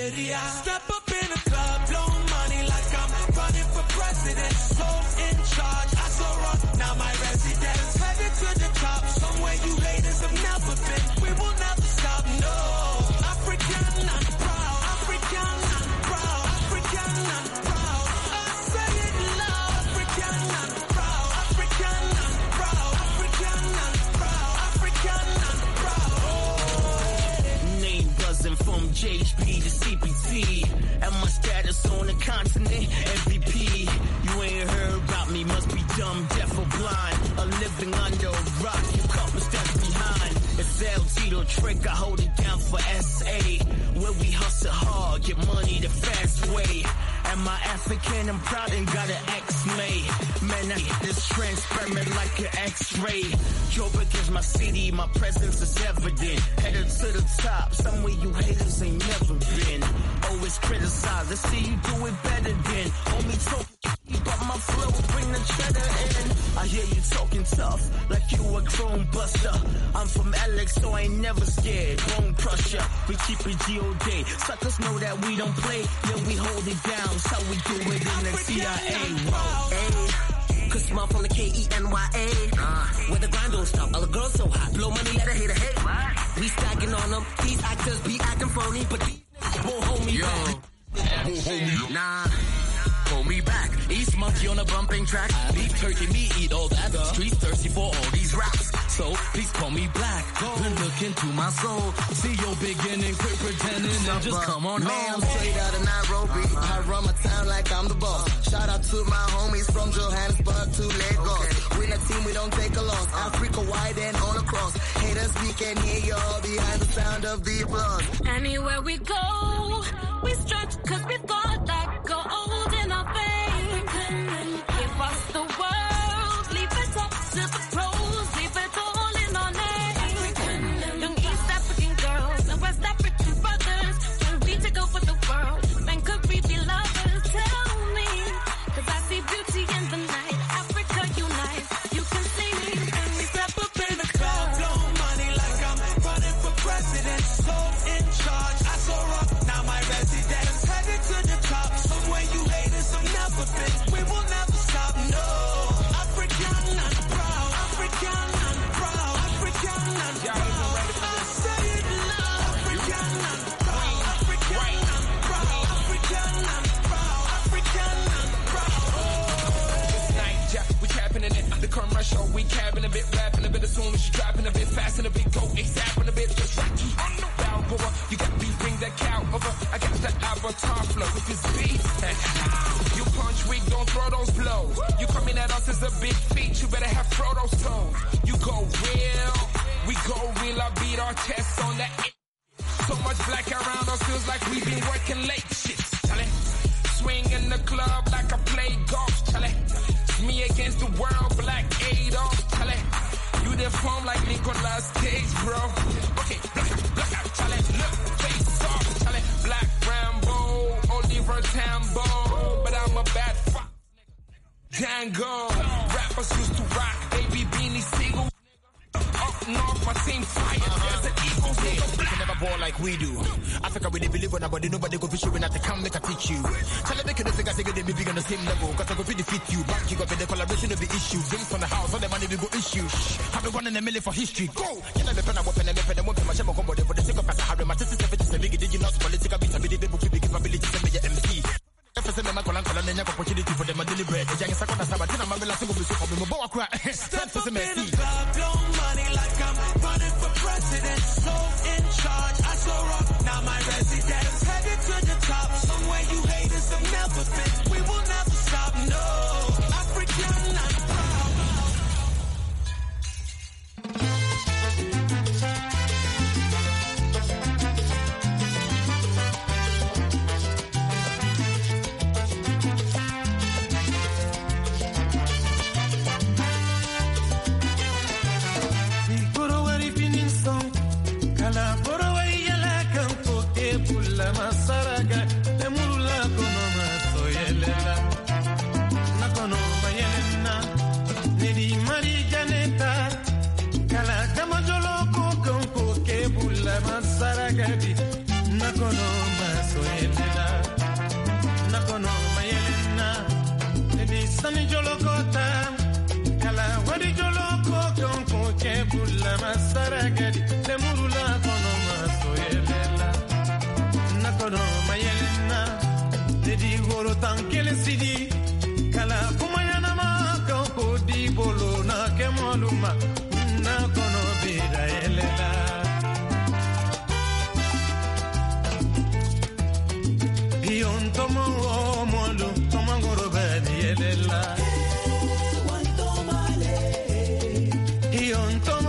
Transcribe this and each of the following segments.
Syria. Step up in the club, blow money like I'm running for president. So in charge, I so rock, now my residence. Headed to the top, somewhere you haters have never been. We will never stop, no. African, I'm proud. African, I'm proud. African, I'm proud. JHP to CPT. And my status on the continent, MVP. You ain't heard about me, must be dumb, deaf or blind. A living under a rock, you couple steps behind. It's LT the trick, I hold it down for SA. Where we hustle hard, get money the fast way. Am I African? I'm proud and got an X-May. Man, I, this transparent like an X-ray. Joburg is my city, my presence is evident top, somewhere you haters ain't never been. Always criticized, I see you do it better than homie talk. But my flow bring the cheddar in. I hear you talking tough, like you a chrome buster. I'm from Alex, so I ain't never scared. Bone crusher, we keep it G.O.D. Suckers know that we don't play, yeah we hold it down. So we do it in the CIA. Hey. Cause mom from the K-E-N-Y-A. Uh, where the grind don't stop, all the girls so hot. Blow money, let her hate her hate. What? We stacking on them. These actors be acting phony, but these niggas won't hold me Yo. back. Won't hold me Nah. Hold me back. East monkey on a bumping track. Beef turkey, me eat all that. Streets thirsty for all these raps. So please call me black. Gold. Been looking my soul. See your beginning, quit pretending and just come on man, home. I'm straight out of Nairobi. I run my town like I'm the boss. Shout out to my homies from Johannesburg to Lagos. We're a team, we don't take a loss. Uh. Africa wide and all across. Haters, we can hear y'all behind the sound of the applause. Anywhere we go, we stretch cause we've got that show. We cabin a bit, rapping a bit as soon as you dropping a bit fast a bit go exapping a bit just I'm on the boy. You got me bring that cow over. I got that avatar flow with this beat. you punch weak, don't throw those blows. You coming at us as a big feat, you better have those toes. You go real, we go real. I beat our chests on that. So much black around us feels like we've been working late. Shit, Swing in the club like I play golf, Charlie me against the world, black Adolf. Chale. You deform like Nicolas Cage, bro. Okay, black, black out, chale. Look, face off, chale. Black Rambo, Oliver Tambo. But I'm a bad fuck. Django. Rappers used to rock, baby beanie single starting off my team fire. Uh -huh. There's an equal yeah. thing. You can never ball like we do. Africa really believe on nobody, nobody go fish you when I come make I teach you. Tell them they think I say they be big on the same level. Cause I go defeat you. Back you up in the collaboration of the issue. Drinks from the house, all the money we go issue. Shh. Have the one in a million for history. Go! You never pen a weapon and weapon and won't be my shame on body for the sake of us. I my sister's seven just a big did you not political beats and be the people to be capability to be your MC. Stand up in the club, president, so in charge. kelisidi kala kuma ɲanama kan ko di bolo na kɛ mɔlu ma na kɔnɔ bira yɛlɛla biyɔn tɔmɔ o mɔlu tɔmɔkɔrɔ bɛ yɛlɛla biyɔn tɔmɔ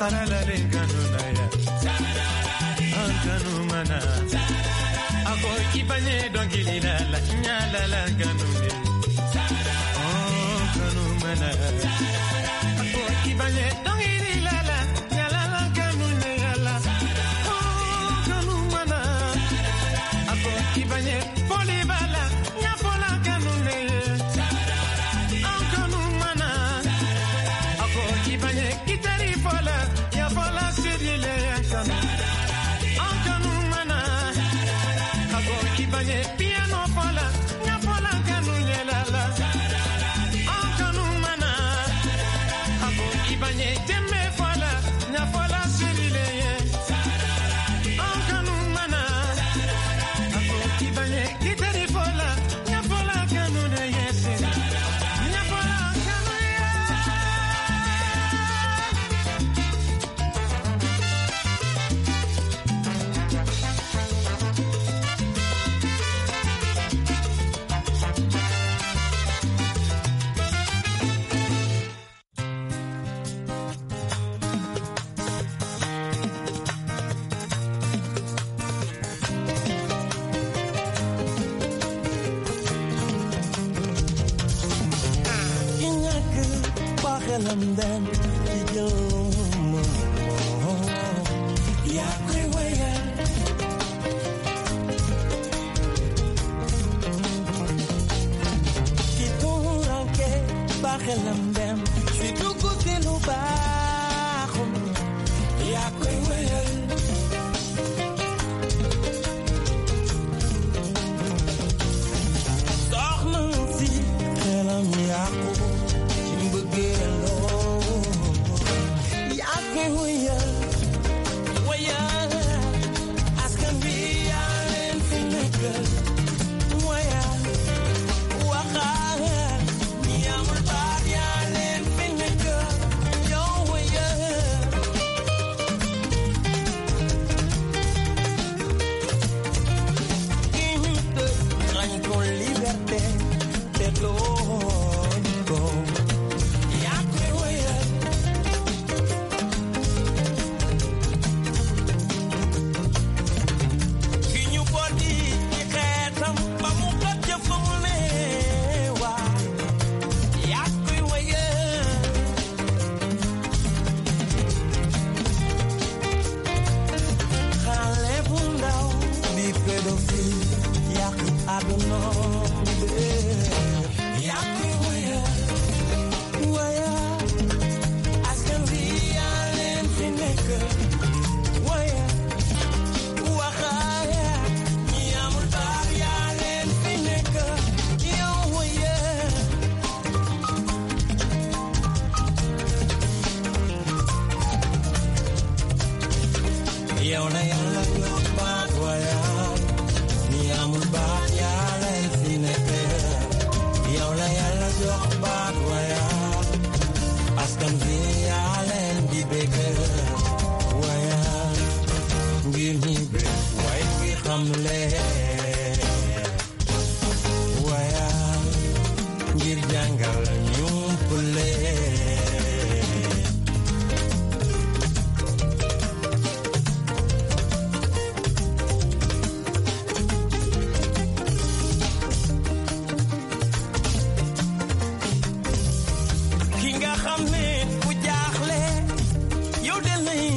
sana lalele and then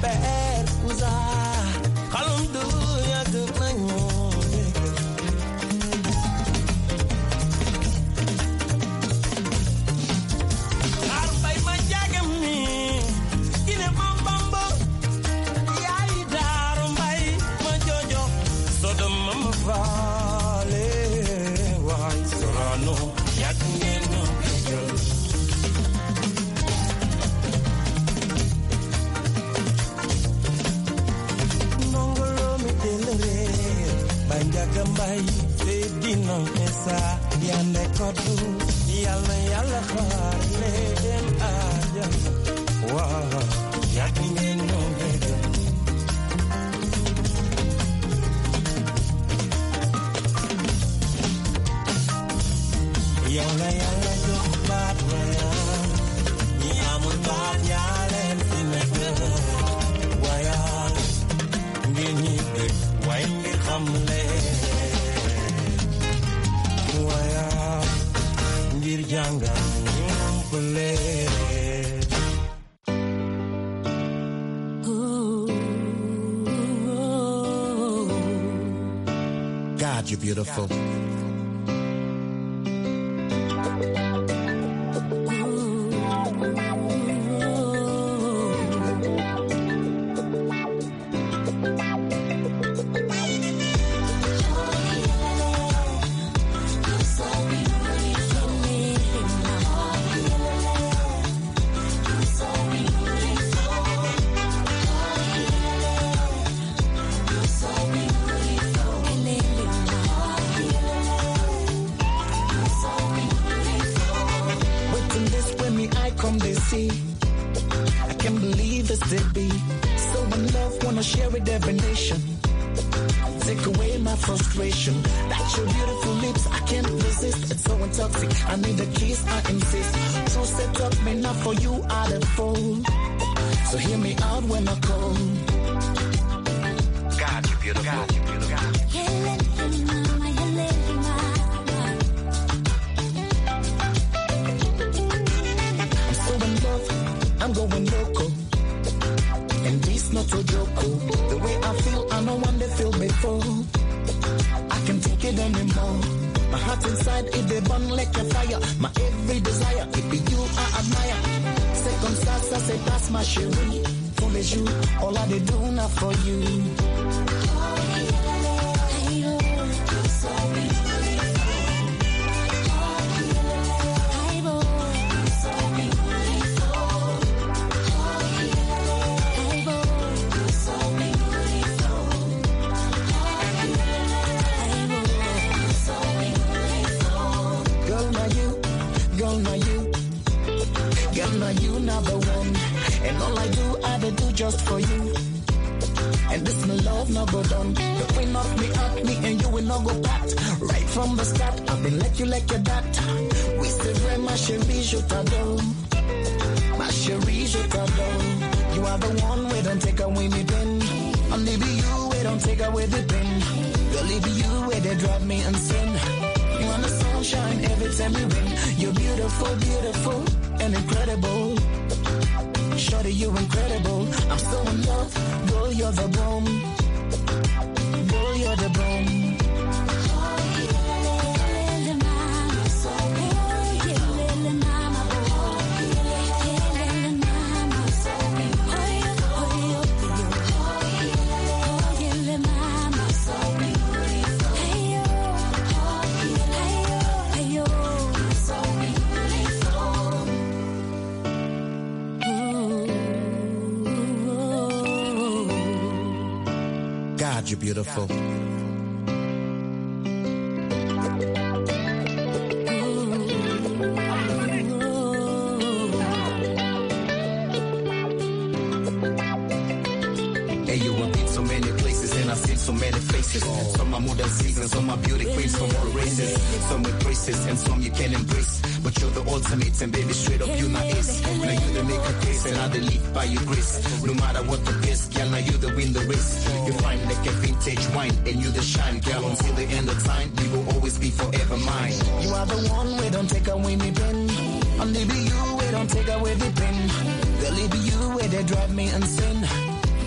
percusa. Kalum nga te dina esa yande kodu le wa no ya bir God, you're beautiful. God. see. I can't believe this could be. So in love, wanna share with every nation. Take away my frustration. That's your beautiful lips, I can't resist. It's so intoxicating. I need a kiss, I insist. So set up me not for you, I don't So hear me out when I call. God, you beautiful. God, you beautiful. to Joko. The way I feel, I know one they feel before. I can take it anymore. My heart inside it they burn like a fire. My every desire, it be you I admire. Circumstances, I say that's my sherry cherie. Foolish you, all I did do now for you. just for you. And this my love no go done. The queen of me at me and you will not go back. Right from the start, I've been like you like your dad. We still very my chérie, je t'adore. My chérie, je t'adore. You are the one we don't take away me pen. I'm you, we don't take away the pen. Girl, leave you where they drive me insane. You are the sunshine every time we rain. You're beautiful, beautiful, and incredible. Shorty, you are incredible love. Girl, you're the bomb. Girl, you're the bomb. you're beautiful. races. Some are modern seasons, some are beauty queens from all races. Some with braces and some you can embrace. But you're the ultimate and baby, straight up you my ace. Now you the make a case and I the lead by your grace. No matter what the case, girl, now you the win the race. You fine like a vintage wine and you the shine, girl. Until the end of time, you will always be forever mine. You are the one, we don't take away me pen. Only be you, we don't take away the pen. They'll leave you where they drive me insane.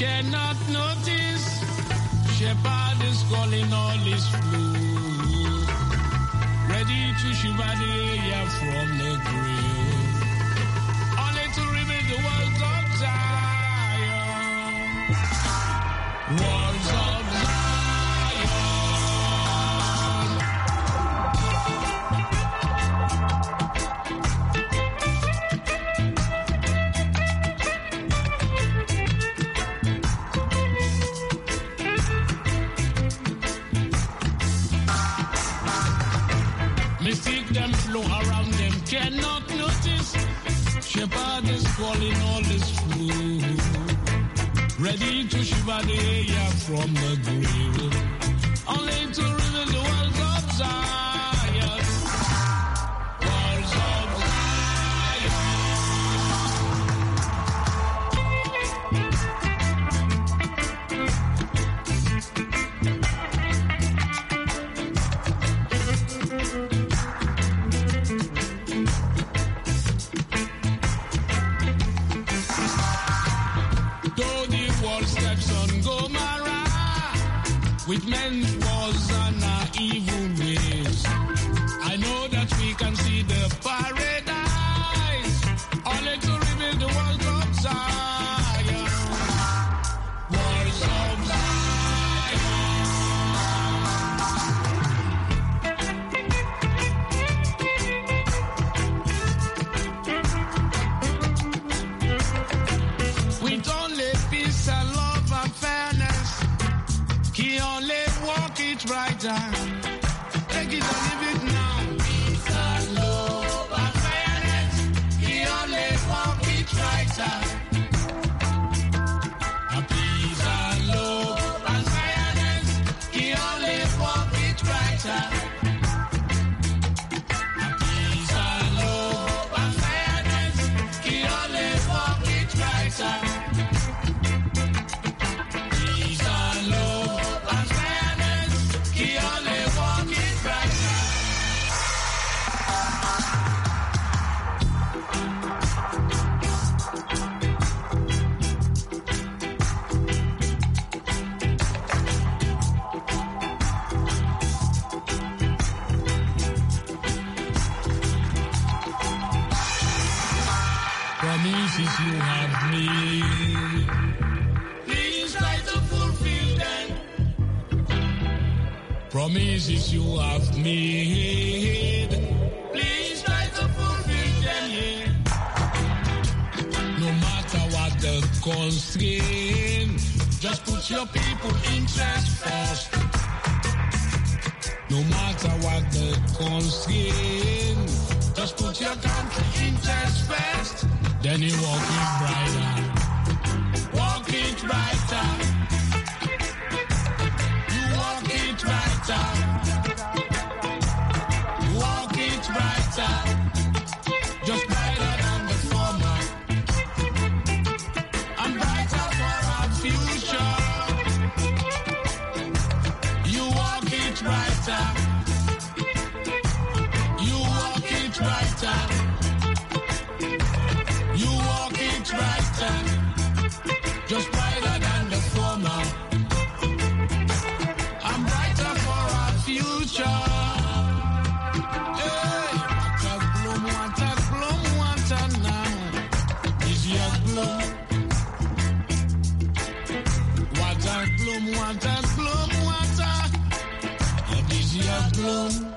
cannot know. with men was an evil. time. put your people interest first. No matter what the constraint, just put your country interest first. Then you walk it brighter. Walk it brighter. your Water bloom, water bloom, water. It is your bloom.